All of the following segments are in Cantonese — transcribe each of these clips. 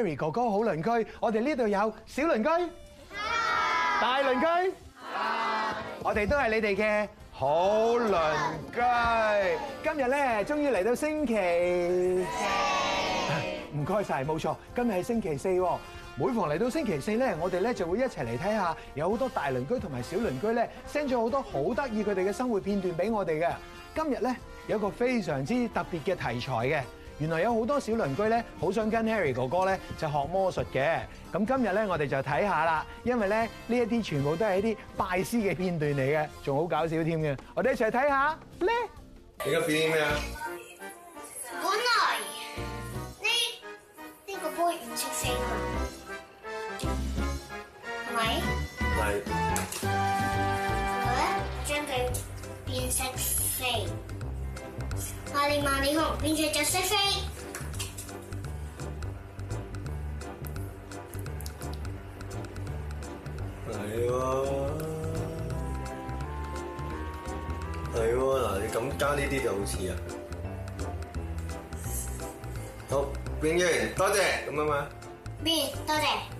HARRY 哥哥好，鄰居，我哋呢度有小鄰居，大鄰居，我哋都係你哋嘅好鄰居。今日咧，終於嚟到星期四，唔該晒，冇錯，今日係星期四。每逢嚟到星期四咧，我哋咧就會一齊嚟睇下，有好多大鄰居同埋小鄰居咧 send 咗好多好得意佢哋嘅生活片段俾我哋嘅。今日咧有一個非常之特別嘅題材嘅。原來有好多小鄰居咧，好想跟 Harry 哥哥咧就學魔術嘅。咁今日咧，我哋就睇下啦。因為咧，呢一啲全部都係一啲拜師嘅片段嚟嘅，仲好搞笑添嘅。我哋一齊睇下咧。你、這個變咩啊？本來呢呢個波唔出聲啊喂！係咪是？係。好 啦，將佢變識飛。 萬里萬里紅，變雀雀飛飛。係喎，係喎，嗱，你咁加呢啲就好似啊。好，變雀人，多謝，咁啊嘛。變，多謝。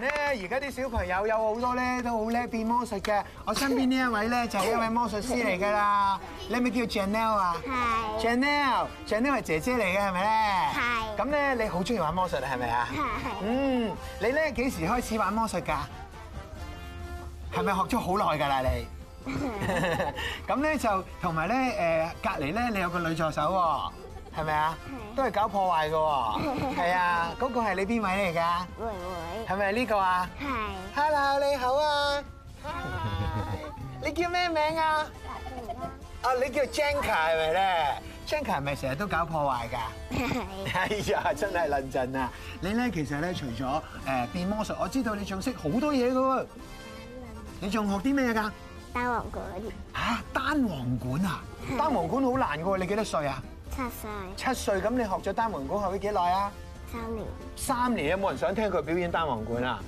咧，而家啲小朋友有好多咧，都好叻變魔術嘅。我身邊呢一位咧，就係一位魔術師嚟噶啦。 你係咪叫 Janelle 啊是？係。Janelle，Janelle 係姐姐嚟嘅，係咪咧？係是。咁咧，你好中意玩魔術係咪啊？係係。嗯是，你咧幾時開始玩魔術㗎？係咪 學咗好耐㗎啦你？咁咧就同埋咧誒，隔離咧你有個女助手喎。係咪啊？都係搞破壞嘅喎。係啊，嗰個係你邊位嚟噶？維維，係咪呢個啊？係。Hello，你好啊。你好。你叫咩名啊？啊，你叫 Janka 係咪咧？Janka 係咪成日都搞破壞噶？哎呀，真係論盡啊！你咧其實咧，除咗誒變魔術，我知道你仲識好多嘢噶喎。你仲學啲咩噶？單簧管。吓，單簧管啊？單簧管好難噶，你幾多歲啊？七歲，七歲咁你學咗單簧管學咗幾耐啊？三年，三年有冇人想聽佢表演單簧管啊？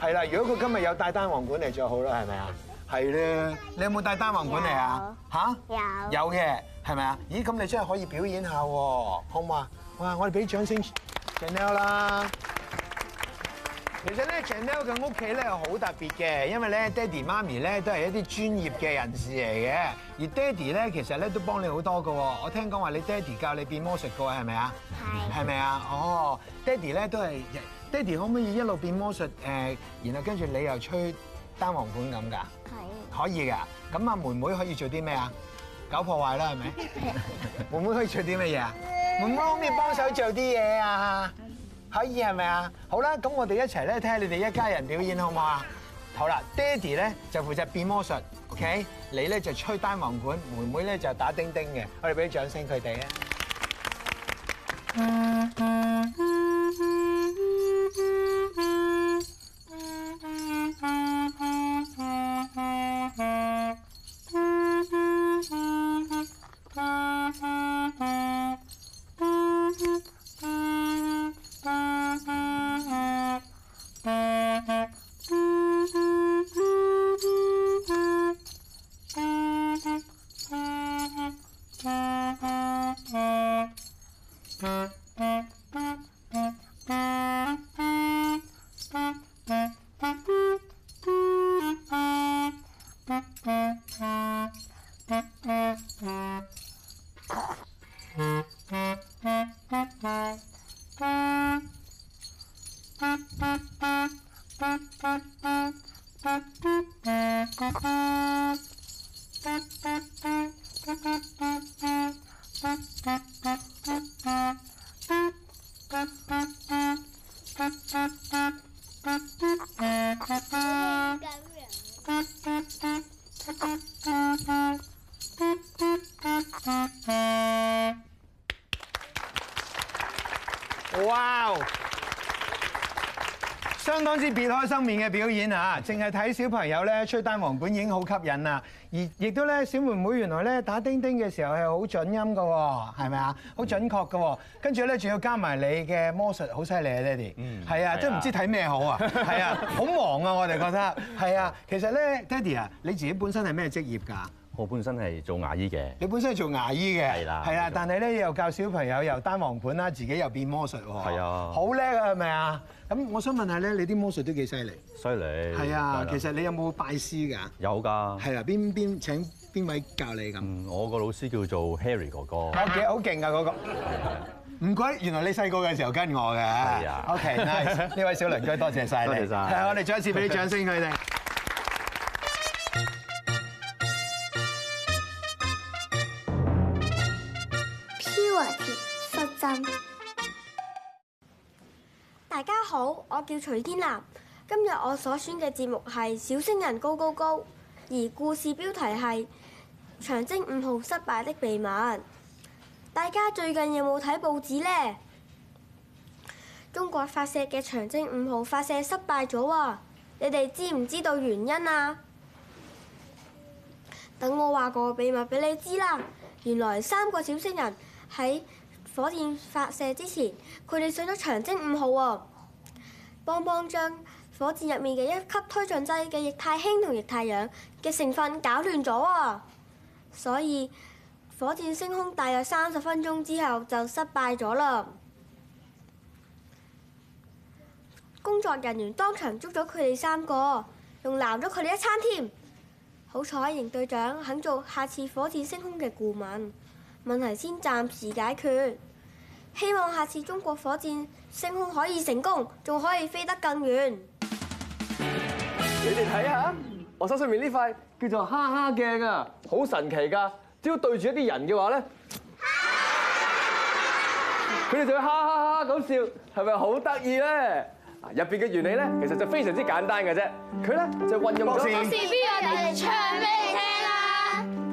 係啦、嗯，如果佢今日有帶單簧管嚟就好啦，係咪啊？係咧、嗯嗯，你有冇帶單簧管嚟啊？吓，有，有嘅，係咪啊？咦，咁你真係可以表演下喎，好唔好？哇，我哋俾掌聲，陳樂啦！其實咧，Janelle 嘅屋企咧好特別嘅，因為咧爹哋媽咪咧都係一啲專業嘅人士嚟嘅。而爹哋咧，其實咧都幫你好多㗎。我聽講話你爹哋教你變魔術㗎，係咪啊？係。係咪啊？哦，爹哋咧都係，爹哋可唔可以一路變魔術誒？然後跟住你又吹單簧管咁㗎？係。是的 可以㗎。咁啊，妹妹可以做啲咩啊？搞破壞啦，係咪？ 妹妹可以做啲乜嘢啊？妹妹可以幫手做啲嘢啊！可以係咪啊？好啦，咁我哋一齊咧聽下你哋一家人表演好唔好啊？好啦，爹哋咧就負責變魔術，OK？ 你咧就吹單簧管，妹妹咧就打叮叮嘅，我哋俾啲掌聲佢哋啊！Uh, uh. 哇！Wow. 相當之別開生面嘅表演啊，淨係睇小朋友咧吹單簧管已經好吸引啦，而亦都咧小妹妹原來咧打叮叮嘅時候係好準音嘅喎，係咪啊？好準確嘅喎，跟住咧仲要加埋你嘅魔術好犀利啊，Daddy。嗯。係啊，真唔知睇咩好啊，係啊，好忙啊，我哋覺得係啊。其實咧，Daddy 啊，你自己本身係咩職業㗎？我本身係做牙醫嘅。你本身係做牙醫嘅，係啦，係啊，但係咧又教小朋友又單簧管啦，自己又變魔術喎，係啊，好叻啊，係咪啊？咁我想問下咧，你啲魔術都幾犀利？犀利。係啊，其實你有冇拜師㗎？有㗎。係啊，邊邊請邊位教你咁？我個老師叫做 Harry 哥哥。好勁，好勁㗎嗰個。唔該，原來你細個嘅時候跟我㗎。O K，nice，呢位小鄰居多謝曬你。多謝曬。係，我哋再一次俾啲掌聲佢哋。大家好，我叫徐天南。今日我所選嘅節目係《小星人高高高》，而故事標題係《長征五號失敗的秘密》。大家最近有冇睇報紙呢？中國發射嘅長征五號發射失敗咗啊！你哋知唔知道原因啊？等我話個秘密俾你知啦。原來三個小星人。喺火箭發射之前，佢哋上咗長征五號喎、啊，幫幫將火箭入面嘅一級推進劑嘅液態氫同液態氧嘅成分搞亂咗喎、啊，所以火箭升空大約三十分鐘之後就失敗咗啦。工作人員當場捉咗佢哋三個，仲鬧咗佢哋一餐添。好彩，邢隊長肯做下次火箭升空嘅顧問。問題先暫時解決，希望下次中國火箭升空可以成功，仲可以飛得更遠。你哋睇下，我手上面呢塊叫做哈哈鏡啊，好神奇噶！只要對住一啲人嘅話咧，佢哋 就會哈哈哈咁笑，係咪好得意咧？啊，入邊嘅原理咧，其實就非常之簡單嘅啫。佢咧就運用咗 B A 嚟唱俾你聽啦。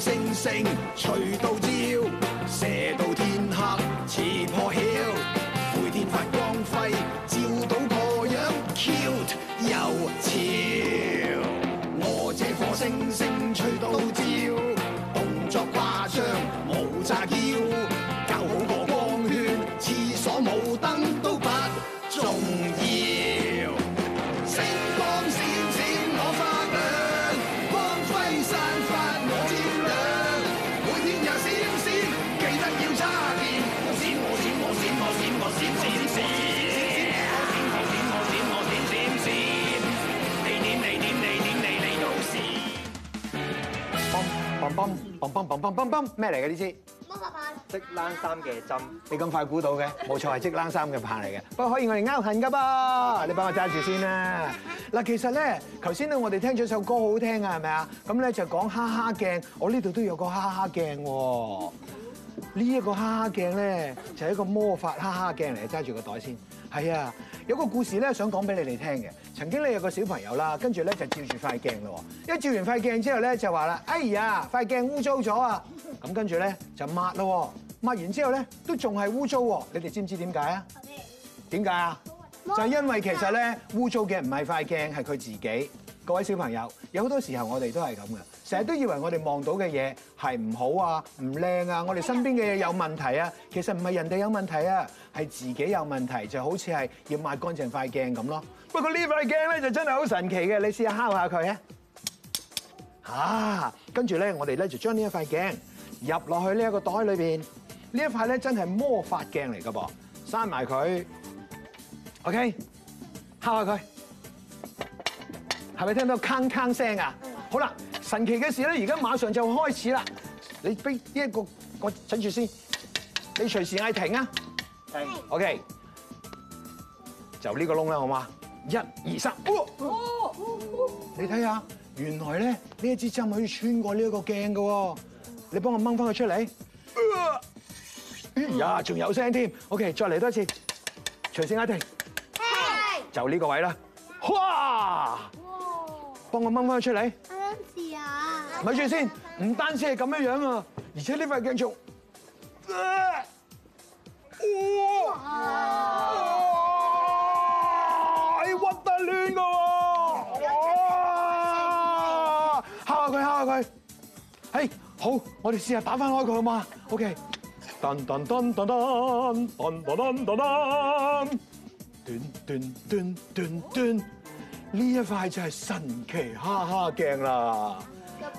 星星隨到照，射到天黑似破曉。嘣嘣嘣，咩嚟嘅呢？支魔法棒，織冷衫嘅針。你咁快估到嘅，冇錯係織冷衫嘅棒嚟嘅。不過可以我哋拗痕㗎噃，你幫我揸住先啦。嗱，其實咧，頭先咧我哋聽咗首歌好聽啊，係咪啊？咁咧就講哈哈鏡，我呢度都有個哈哈鏡喎。呢一個哈哈鏡咧、這個、就係一個魔法哈哈鏡嚟，揸住個袋先。係啊，有個故事咧，想講俾你哋聽嘅。曾經咧有個小朋友啦，跟住咧就照住塊鏡咯。一照完塊鏡之後咧，就話啦：哎呀，塊鏡污糟咗啊！咁跟住咧就抹咯，抹完之後咧都仲係污糟。你哋知唔知點解啊？點解啊？何的就係因為其實咧污糟嘅唔係塊鏡，係佢自己。各位小朋友，有好多時候我哋都係咁嘅，成日都以為我哋望到嘅嘢係唔好啊、唔靚啊，我哋身邊嘅嘢有問題啊，其實唔係人哋有問題啊，係自己有問題，就好似係要抹乾淨塊鏡咁咯。不過呢塊鏡咧就真係好神奇嘅，你試下敲下佢啊。嚇！跟住咧，我哋咧就將呢一塊鏡入落去呢一個袋裏邊。呢一塊咧真係魔法鏡嚟㗎噃，閂埋佢。OK，敲下佢。係咪聽到坑坑聲啊？嗯、好啦，神奇嘅事咧，而家馬上就開始啦，這個！你俾呢一個我整住先，你隨時嗌停啊！停，OK，就呢個窿啦，好嗎？一、二、三，你睇下，原來咧呢一支針可以穿過呢一個鏡㗎喎！你幫我掹翻佢出嚟。哎呀，仲有聲添！OK，再嚟多一次，隨時嗌停。停，就呢個位啦。嘩！幫我掹翻出嚟。我想試啊。咪住先，唔單止係咁樣樣啊，而且呢塊鏡仲，哇，係屈得攣噶喎，嚇嚇佢嚇佢，嘿好，我哋試下打翻開佢好嘛。OK。呢一塊就係神奇哈哈鏡啦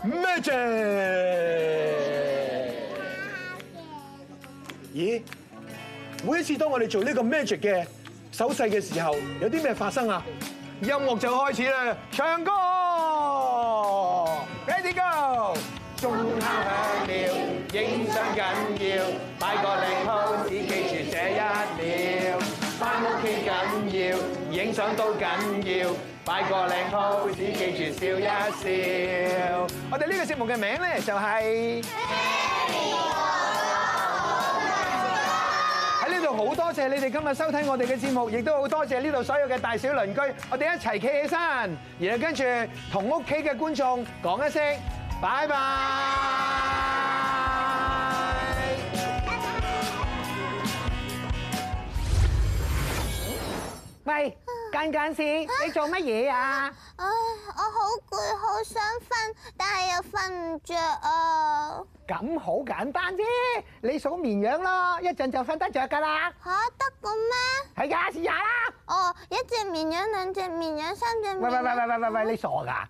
，magic！咦？法每一次當我哋做呢個 magic 嘅手勢嘅時候，有啲咩發生啊？音樂就開始啦，唱歌，Ready Go！鐘敲響了，影相緊要，擺個靚甫士只記住這一秒，翻屋企緊要，影相都緊要。擺個靚號，只記住笑一笑。我哋呢個節目嘅名咧就係喺呢度。好多謝你哋今日收睇我哋嘅節目，亦都好多謝呢度所有嘅大小鄰居。我哋一齊企起身，然後跟住同屋企嘅觀眾講一聲，拜拜。拜。間事，你做乜嘢啊？唉，我好攰，好想瞓，但係又瞓唔着啊。咁好簡單啫，你數綿羊咯，一陣就瞓得着噶啦。吓，得噶咩？係呀，試下啦。哦，一隻綿羊，兩隻綿羊，三隻。喂喂喂喂喂喂，你傻噶？吓？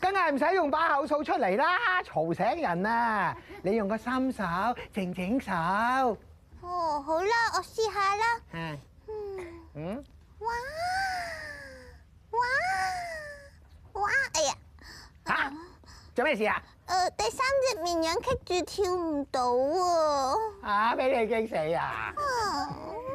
梗係唔使用把口數出嚟啦，吵醒人啊！你用個心手，靜靜手。哦，好啦，我試下啦。嗯。嗯。哇！做咩事啊？誒、呃，第三隻綿羊棘住跳唔到啊，俾你驚死啊！啊